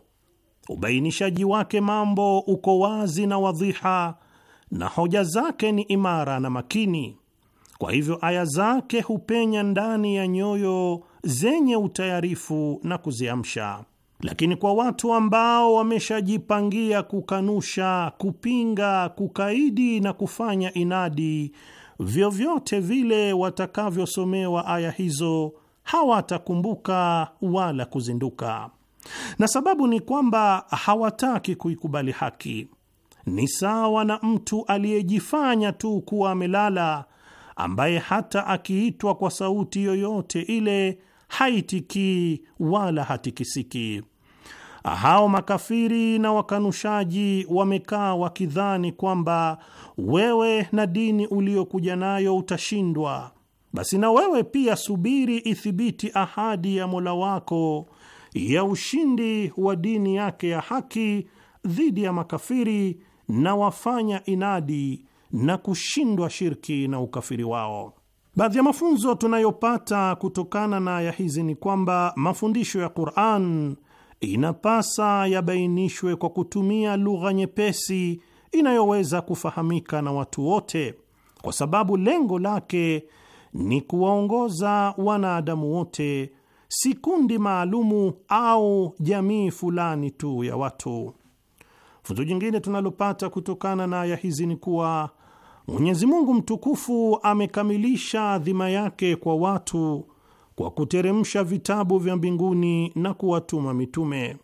ubainishaji wake mambo uko wazi na wadhiha, na hoja zake ni imara na makini. Kwa hivyo aya zake hupenya ndani ya nyoyo zenye utayarifu na kuziamsha. Lakini kwa watu ambao wameshajipangia kukanusha, kupinga, kukaidi na kufanya inadi, vyovyote vile watakavyosomewa aya hizo hawatakumbuka wala kuzinduka, na sababu ni kwamba hawataki kuikubali haki. Ni sawa na mtu aliyejifanya tu kuwa amelala, ambaye hata akiitwa kwa sauti yoyote ile haitikii wala hatikisiki. Hao makafiri na wakanushaji wamekaa wakidhani kwamba wewe na dini uliyokuja nayo utashindwa. Basi na wewe pia subiri ithibiti ahadi ya Mola wako ya ushindi wa dini yake ya haki dhidi ya makafiri na wafanya inadi na kushindwa shirki na ukafiri wao. Baadhi ya mafunzo tunayopata kutokana na aya hizi ni kwamba mafundisho ya Qur'an inapasa yabainishwe kwa kutumia lugha nyepesi inayoweza kufahamika na watu wote, kwa sababu lengo lake ni kuwaongoza wanadamu wote, si kundi maalumu au jamii fulani tu ya watu. Funzo jingine tunalopata kutokana na aya hizi ni kuwa Mwenyezi Mungu mtukufu amekamilisha dhima yake kwa watu kwa kuteremsha vitabu vya mbinguni na kuwatuma mitume.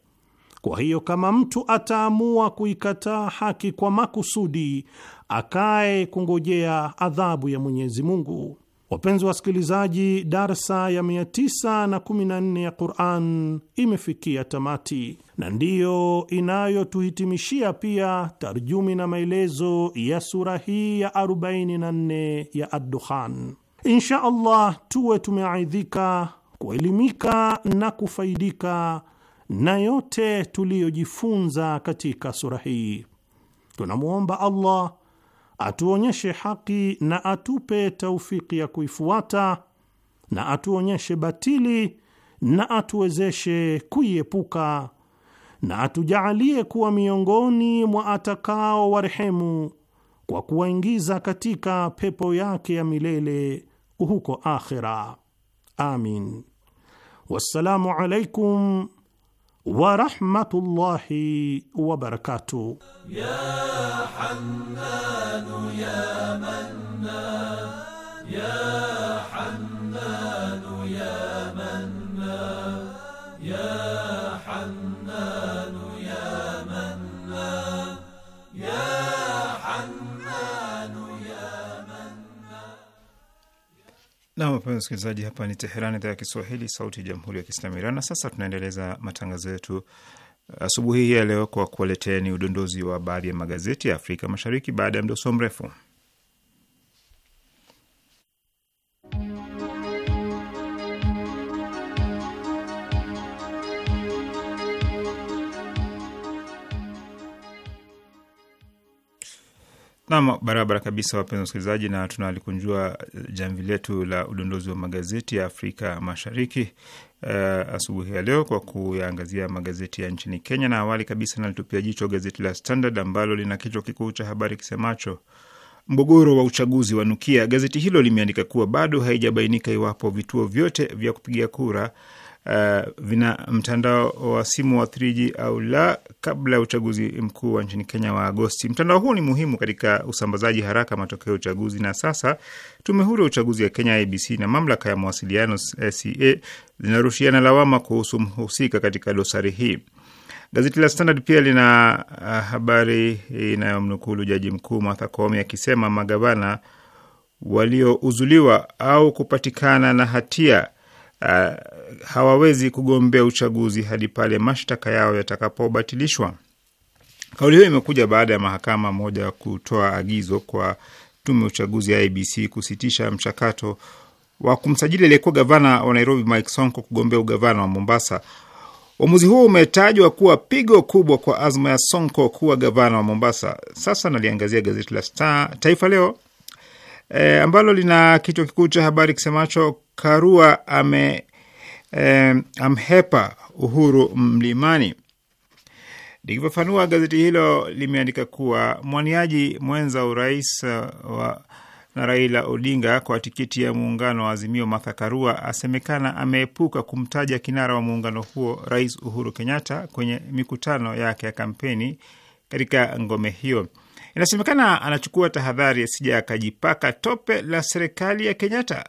Kwa hiyo kama mtu ataamua kuikataa haki kwa makusudi, akae kungojea adhabu ya Mwenyezi Mungu. Wapenzi wasikilizaji, darsa ya 914 ya Quran imefikia tamati na ndiyo inayotuhitimishia pia tarjumi na maelezo ya sura hii ya 44 ya Addukhan. Insha Allah tuwe tumeaidhika kuelimika na kufaidika na yote tuliyojifunza katika sura hii. Tunamwomba Allah atuonyeshe haki na atupe taufiki ya kuifuata na atuonyeshe batili na atuwezeshe kuiepuka na atujaalie kuwa miongoni mwa atakao warehemu kwa kuwaingiza katika pepo yake ya milele. huko akhira. Amin. Wassalamu alaikum wa rahmatullahi wa barakatuh. Ya Hannan ya Mannan ya Hannan Nam, wapenzi msikilizaji, hapa ni teheran idhaa ya Kiswahili, sauti ya jamhuri ya kiislamu Iran. Na sasa tunaendeleza matangazo yetu uh, asubuhi hii ya leo kwa kuwaleteni udondozi wa baadhi ya magazeti ya Afrika Mashariki baada ya mdoso mrefu Nam, barabara kabisa, wapenzi wasikilizaji, na tunalikunjua eh, jamvi letu la udondozi wa magazeti ya Afrika Mashariki uh, asubuhi ya leo kwa kuyaangazia magazeti ya nchini Kenya, na awali kabisa nalitupia jicho gazeti la Standard ambalo lina kichwa kikuu cha habari kisemacho mgogoro wa uchaguzi wa nukia. Gazeti hilo limeandika kuwa bado haijabainika iwapo vituo vyote vya kupiga kura uh, vina mtandao wa simu wa 3G au la kabla ya uchaguzi mkuu wa nchini Kenya wa Agosti. Mtandao huu ni muhimu katika usambazaji haraka matokeo ya uchaguzi, na sasa tume huru ya uchaguzi ya Kenya IBC na mamlaka ya mawasiliano SCA zinarushiana lawama kuhusu mhusika katika dosari hii. Gazeti la Standard pia lina ah, habari inayomnukulu jaji mkuu Martha Koome akisema magavana waliouzuliwa au kupatikana na hatia uh, hawawezi kugombea uchaguzi hadi pale mashtaka yao yatakapobatilishwa. Kauli hiyo imekuja baada ya mahakama moja kutoa agizo kwa tume ya uchaguzi ya IBC kusitisha mchakato wa kumsajili aliyekuwa gavana wa Nairobi Mike Sonko kugombea ugavana wa Mombasa. Uamuzi huo umetajwa kuwa pigo kubwa kwa azma ya Sonko kuwa gavana wa Mombasa. Sasa naliangazia gazeti la Star Taifa Leo e, ambalo lina kichwa kikuu cha habari kisemacho Karua ame e, amhepa Uhuru mlimani. Likifafanua, gazeti hilo limeandika kuwa mwaniaji mwenza urais e, wa na Raila Odinga kwa tikiti ya muungano wa Azimio, Martha Karua asemekana ameepuka kumtaja kinara wa muungano huo Rais Uhuru Kenyatta kwenye mikutano yake ya kampeni katika ngome hiyo. Inasemekana anachukua tahadhari asija akajipaka tope la serikali ya Kenyatta.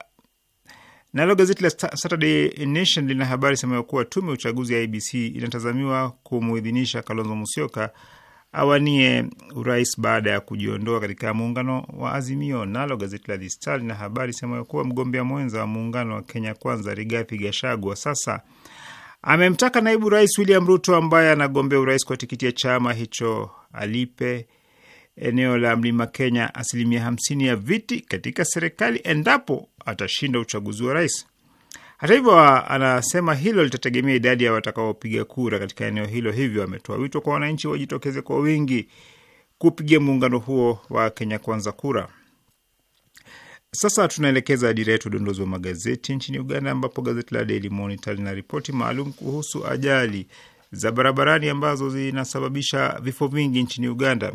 Nalo gazeti la Saturday Nation lina habari semayo kuwa tume ya uchaguzi ya IBC inatazamiwa kumuidhinisha Kalonzo Musyoka awanie urais baada ya kujiondoa katika muungano wa Azimio. Nalo gazeti la The Star lina habari semayo kuwa mgombea mwenza wa muungano wa Kenya Kwanza, Rigathi Gachagua, sasa amemtaka naibu rais William Ruto ambaye anagombea urais kwa tikiti ya chama hicho alipe eneo la mlima Kenya asilimia hamsini ya viti katika serikali endapo atashinda uchaguzi wa rais. Hata hivyo, anasema hilo litategemea idadi ya watakaopiga kura katika eneo hilo, hivyo ametoa wito kwa wananchi wajitokeze kwa wingi kupiga muungano huo wa Kenya Kwanza kura. Sasa tunaelekeza dira yetu udondozi wa magazeti nchini Uganda, ambapo gazeti la Daily Monitor lina ripoti maalum kuhusu ajali za barabarani ambazo zinasababisha vifo vingi nchini Uganda.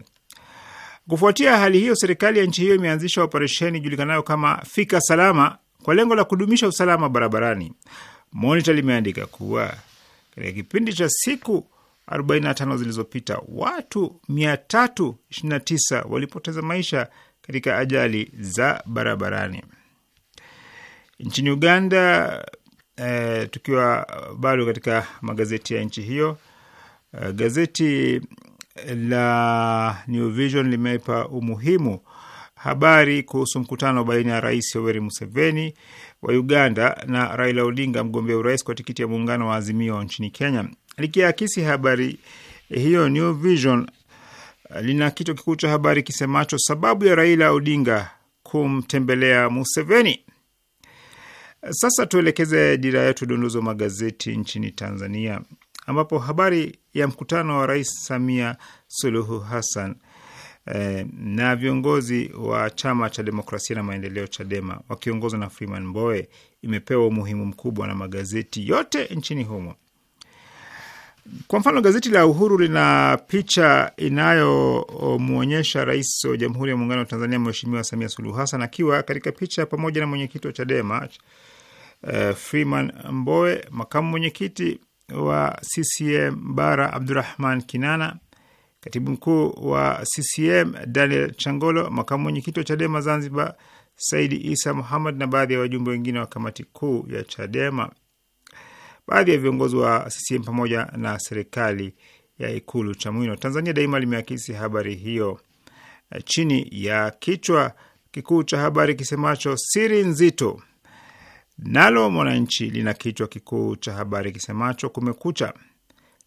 Kufuatia hali hiyo, serikali ya nchi hiyo imeanzisha operesheni ijulikanayo kama Fika Salama kwa lengo la kudumisha usalama barabarani. Monitor limeandika kuwa katika kipindi cha siku 45 zilizopita watu 329 walipoteza maisha katika ajali za barabarani. Nchini Uganda, E, tukiwa bado katika magazeti ya nchi hiyo, e, gazeti la New Vision limeipa umuhimu habari kuhusu mkutano baina ya Rais Yoweri Museveni wa Uganda na Raila Odinga, mgombea urais kwa tikiti ya muungano wa Azimio nchini Kenya. Likiakisi habari hiyo, New Vision eh, lina kichwa kikuu cha habari kisemacho sababu ya Raila Odinga kumtembelea Museveni. Sasa tuelekeze dira yetu dondozo magazeti nchini Tanzania ambapo habari ya mkutano wa Rais Samia Suluhu Hassan eh, na viongozi wa chama cha demokrasia na maendeleo Chadema wakiongozwa na Freeman Mbowe imepewa umuhimu mkubwa na magazeti yote nchini humo. Kwa mfano gazeti la Uhuru lina picha inayomwonyesha rais wa Jamhuri ya Muungano wa Tanzania Mheshimiwa Samia Suluhu Hassan akiwa katika picha pamoja na mwenyekiti wa Chadema uh, Freeman Mbowe, makamu mwenyekiti wa CCM Bara Abdurahman Kinana, katibu mkuu wa CCM Daniel Changolo, makamu mwenyekiti wa Chadema Zanzibar Saidi Isa Muhammad na baadhi ya wajumbe wengine wa kamati kuu ya Chadema. Baadhi ya viongozi wa CCM pamoja na serikali ya Ikulu Chamwino. Tanzania Daima limeakisi habari hiyo chini ya kichwa kikuu cha habari kisemacho siri nzito Nalo Mwananchi lina kichwa kikuu cha habari kisemacho kumekucha,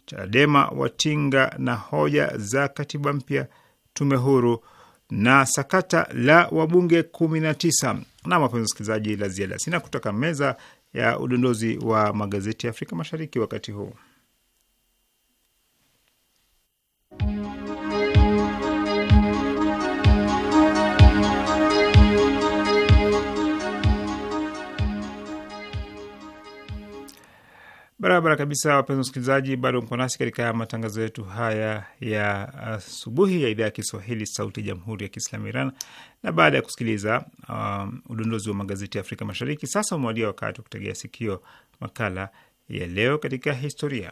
Chadema watinga na hoja za katiba mpya, tume huru na sakata la wabunge kumi na tisa. Na mapenzi msikilizaji, la ziada sina kutoka meza ya udondozi wa magazeti ya Afrika Mashariki wakati huu. Barabara kabisa, wapenzi wasikilizaji, bado mko nasi katika matangazo yetu haya ya asubuhi ya idhaa ya Kiswahili sauti ya jamhuri ya kiislamu Iran. Na baada ya kusikiliza um, udondozi wa magazeti ya Afrika Mashariki, sasa umewadia wakati wa kutegea sikio makala ya leo katika historia.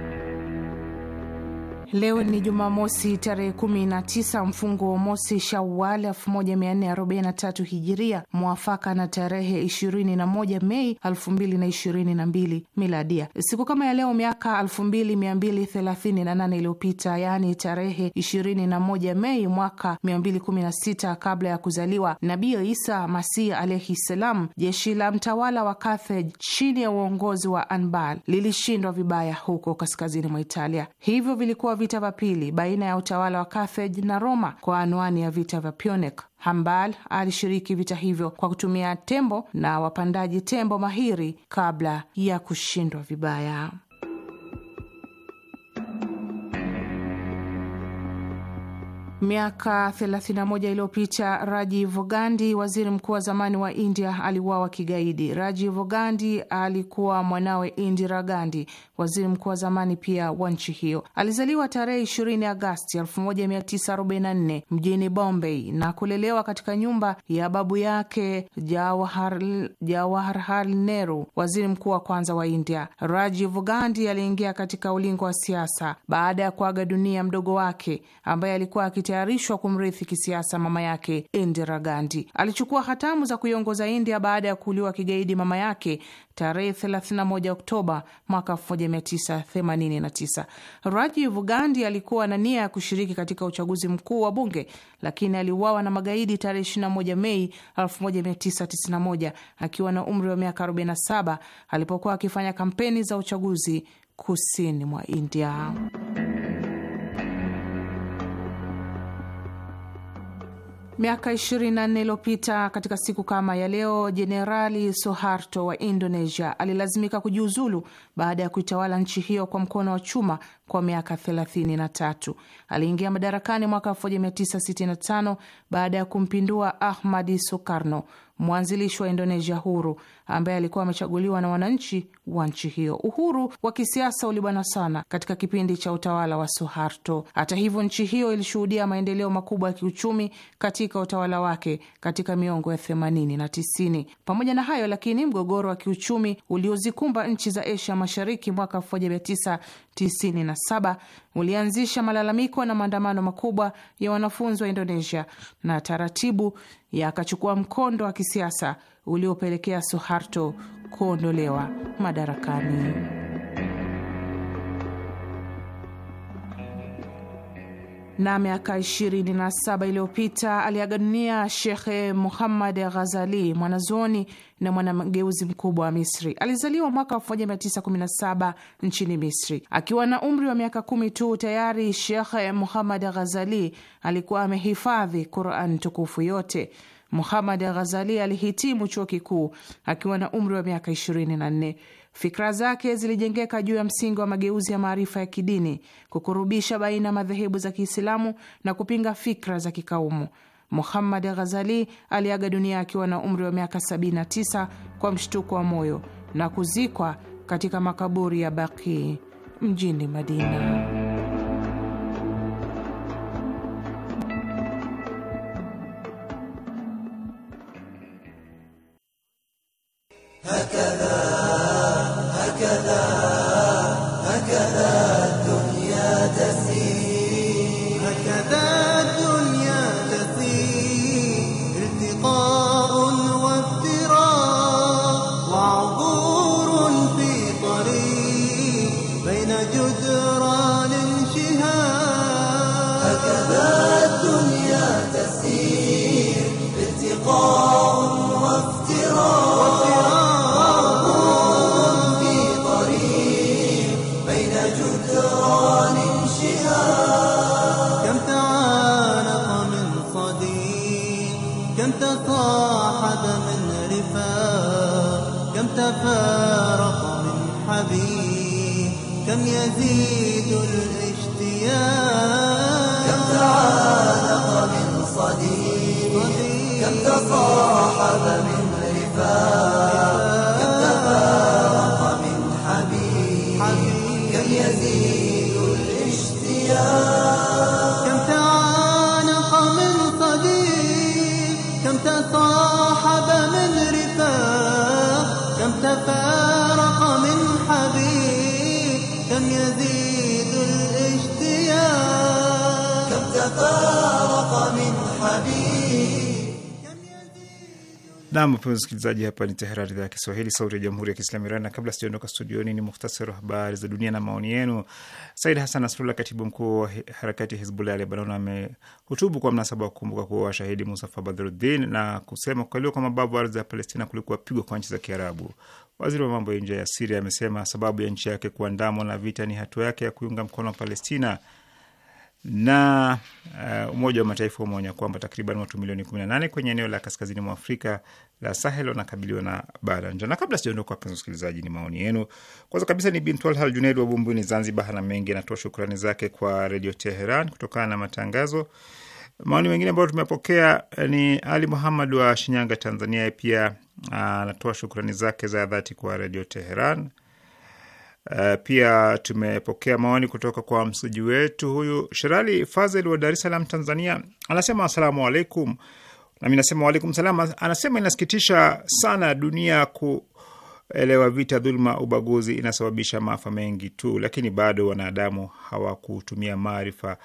Leo ni Jumamosi tarehe 19 mfungo wa mosi Shawal 1443 hijiria mwafaka na tarehe 21 Mei 2022 miladia. Siku kama ya leo miaka 2238 iliyopita, yaani tarehe 21 Mei mwaka 216 kabla ya kuzaliwa Nabii Isa Masih alaihi ssalam, jeshi la mtawala wa Carthage chini ya uongozi wa Anbal lilishindwa vibaya huko kaskazini mwa Italia, hivyo vilikuwa vita vya pili baina ya utawala wa Carthage na Roma kwa anwani ya vita vya Punic. hambal alishiriki vita hivyo kwa kutumia tembo na wapandaji tembo mahiri kabla ya kushindwa vibaya. Miaka 31 iliyopita Rajiv Gandhi, waziri mkuu wa zamani wa India, aliuawa kigaidi. Rajiv Gandhi alikuwa mwanawe Indira Gandhi, waziri mkuu wa zamani pia wa nchi hiyo. Alizaliwa tarehe 20 Agasti 1944 mjini Bombay na kulelewa katika nyumba ya babu yake Jawaharlal Jawahar Nehru, waziri mkuu wa kwanza wa India. Rajiv Gandhi aliingia katika ulingo wa siasa baada ya kuaga dunia mdogo wake ambaye alikuwa akite akitayarishwa kumrithi kisiasa mama yake Indira Gandhi. Alichukua hatamu za kuiongoza India baada ya kuuliwa kigaidi mama yake tarehe 31 Oktoba mwaka 1989. Rajiv Gandhi alikuwa na nia ya kushiriki katika uchaguzi mkuu wa bunge, lakini aliuawa na magaidi tarehe 21 Mei 1991 akiwa na umri wa miaka 47 alipokuwa akifanya kampeni za uchaguzi kusini mwa India. Miaka 24 iliyopita katika siku kama ya leo, Jenerali soharto wa Indonesia alilazimika kujiuzulu baada ya kuitawala nchi hiyo kwa mkono wa chuma kwa miaka 33. Aliingia madarakani mwaka 1965 baada ya kumpindua Ahmadi Sukarno, mwanzilishi wa Indonesia huru ambaye alikuwa amechaguliwa na wananchi wa nchi hiyo. Uhuru wa kisiasa ulibana sana katika kipindi cha utawala wa Suharto. Hata hivyo, nchi hiyo ilishuhudia maendeleo makubwa ya kiuchumi katika utawala wake katika miongo ya 80 na 90. Pamoja na hayo lakini, mgogoro wa kiuchumi uliozikumba nchi za Asia Mashariki mwaka 1997 ulianzisha malalamiko na maandamano makubwa ya wanafunzi wa Indonesia na taratibu yakachukua mkondo wa kisiasa uliopelekea Suharto kuondolewa madarakani. na miaka 27 iliyopita aliaga dunia Shekhe Muhammad Ghazali, mwanazuoni na mwanageuzi mkubwa wa Misri. Alizaliwa mwaka 1917 nchini Misri. Akiwa na umri wa miaka kumi tu, tayari Shekhe Muhammad Ghazali alikuwa amehifadhi Quran tukufu yote. Muhammad Ghazali alihitimu chuo kikuu akiwa na umri wa miaka 24. Fikra zake zilijengeka juu ya msingi wa mageuzi ya maarifa ya kidini, kukurubisha baina ya madhehebu za Kiislamu na kupinga fikra za kikaumu. Muhammad Ghazali aliaga dunia akiwa na umri wa miaka 79 kwa mshtuko wa moyo na kuzikwa katika makaburi ya Baqi mjini Madina. Hakadha. salam. كم تعالق من صديق كم تصاحب من Na mpenzi msikilizaji, hapa ni Teherani, idhaa ya Kiswahili, sauti ya jamhuri ya kiislamu Iran. Na kabla sijaondoka studioni, ni muhtasari wa habari za dunia na maoni yenu. Said Hasan Nasrullah, katibu mkuu wa harakati ya Hizbullah ya Lebanon, amehutubu kwa mnasaba wa kukumbuka kuwa washahidi Musafa Badruddin na kusema kukaliwa kwa mabavu ardhi ya Palestina kulikuwa pigwa kwa nchi za Kiarabu. Waziri wa mambo ya nje ya Siria amesema sababu ya nchi yake kuandamwa na vita ni hatua yake ya kuiunga mkono Palestina na uh, Umoja wa Mataifa umeonya kwamba takriban watu milioni 18 kwenye eneo la kaskazini mwa Afrika la Sahel wanakabiliwa na balaa njaa. Na kabla sijaondoka, wapenzi wasikilizaji, ni maoni yenu. Kwanza kabisa ni Bintwalhal Junaid wa Bumbuni, Zanzibar, hana mengi, anatoa shukrani zake kwa Redio Teheran kutokana na matangazo. Maoni mengine ambayo tumepokea eh, ni Ali Muhammad wa Shinyanga, Tanzania, pia ah, anatoa uh, shukrani zake za dhati kwa Redio Teheran. Uh, pia tumepokea maoni kutoka kwa msuji wetu huyu Sherali Fazel wa Dar es Salaam, Tanzania, anasema asalamu alaikum, nami nasema waalaikum salam. Anasema inasikitisha sana dunia kuelewa vita, dhuluma, ubaguzi inasababisha maafa mengi tu, lakini bado wanadamu hawakutumia maarifa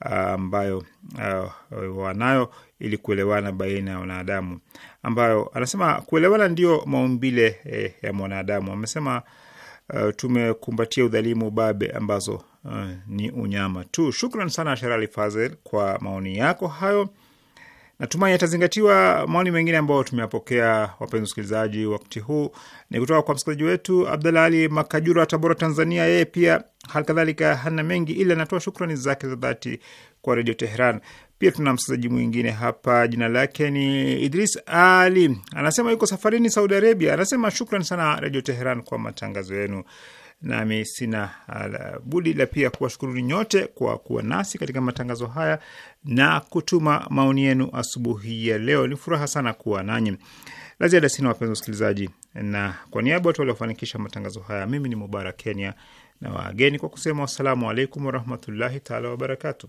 ah, ambayo uh, uh, wanayo ili kuelewana baina ya wanadamu, ambayo anasema kuelewana ndio maumbile eh, ya mwanadamu. Amesema uh, tumekumbatia udhalimu, babe ambazo uh, ni unyama tu. Shukran sana Sherali Fazel kwa maoni yako hayo. Natumai yatazingatiwa. Maoni mengine ambayo tumeyapokea, wapenzi wasikilizaji, wakati huu ni kutoka kwa msikilizaji wetu Abdalla Ali Makajura wa Tabora, Tanzania. Yeye pia halikadhalika hana mengi, ila anatoa shukrani zake za dhati kwa Redio Teheran. Pia tuna msikilizaji mwingine hapa, jina lake ni Idris Ali, anasema yuko safarini Saudi Arabia. Anasema shukran sana Redio Teheran kwa matangazo yenu, nami sina ah, budi la pia kuwashukuruni nyote kwa kuwa nasi katika matangazo haya na kutuma maoni yenu asubuhi ya leo. Ni furaha sana kuwa nanyi. La ziada sina, wapenzi wasikilizaji, na kwa niaba watu waliofanikisha matangazo haya, mimi ni Mubarak Kenya na wageni kwa kusema wassalamu alaikum warahmatullahi taala wabarakatu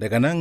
Daga nan